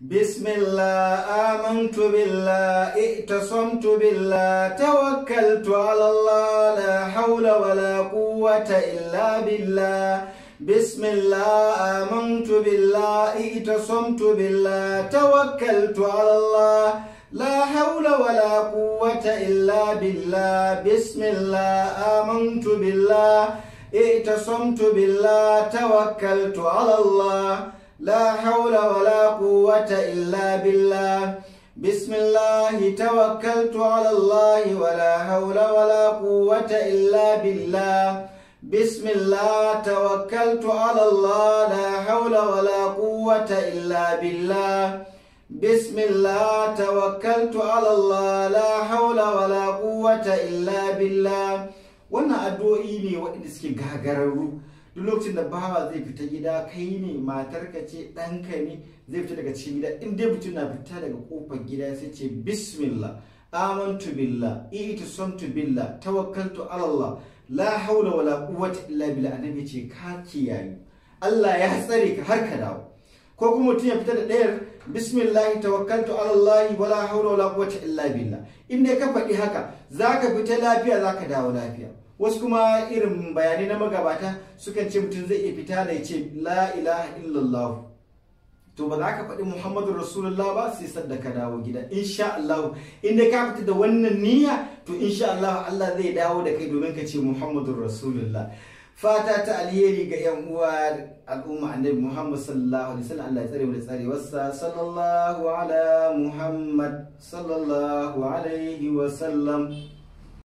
بسم الله آمنت بالله اعتصمت بالله توكلت على الله لا حول ولا قوة إلا بالله بسم الله آمنت بالله اعتصمت بالله توكلت على الله لا حول ولا قوة إلا بالله بسم الله آمنت بالله اعتصمت بالله توكلت على الله لا حول ولا قوة إلا بالله بسم الله توكلت على الله ولا حول ولا قوة إلا بالله بسم الله توكلت على الله لا حول ولا قوة إلا بالله بسم الله توكلت على الله لا حول ولا قوة إلا بالله wannan addu'o'i ne waɗanda suke gagararru duk lokacin da bawa zai fita gida kai ne matarka ce ɗanka ne zai fita daga cikin gida in dai mutum na fita daga kofar gida sai ce bismillah amantu billah i'tisamtu billah tawakkaltu ala Allah la haula wala quwwata illa billah annabi ce ka kiyaye Allah ya tsare ka har ka dawo ko kuma mutum ya fita da ɗayar bismillah tawakkaltu ala Allah wala haula wala quwwata illa billah in dai ka faɗi haka zaka fita lafiya zaka dawo lafiya wasu kuma irin bayanai na magabata sukan ce mutum zai iya fita da ya ce la ilaha illallah to ba za ka faɗi muhammadu rasulullah ba sai sadda ka dawo gida insha Allah in dai ka fita da wannan niyya to insha Allah Allah zai dawo da kai domin ka ce muhammadu rasulullah fata ta alheri ga yan uwa al'umma annabi muhammad sallallahu alaihi wasallam Allah ya tsare mu da sallallahu ala muhammad sallallahu alaihi wasallam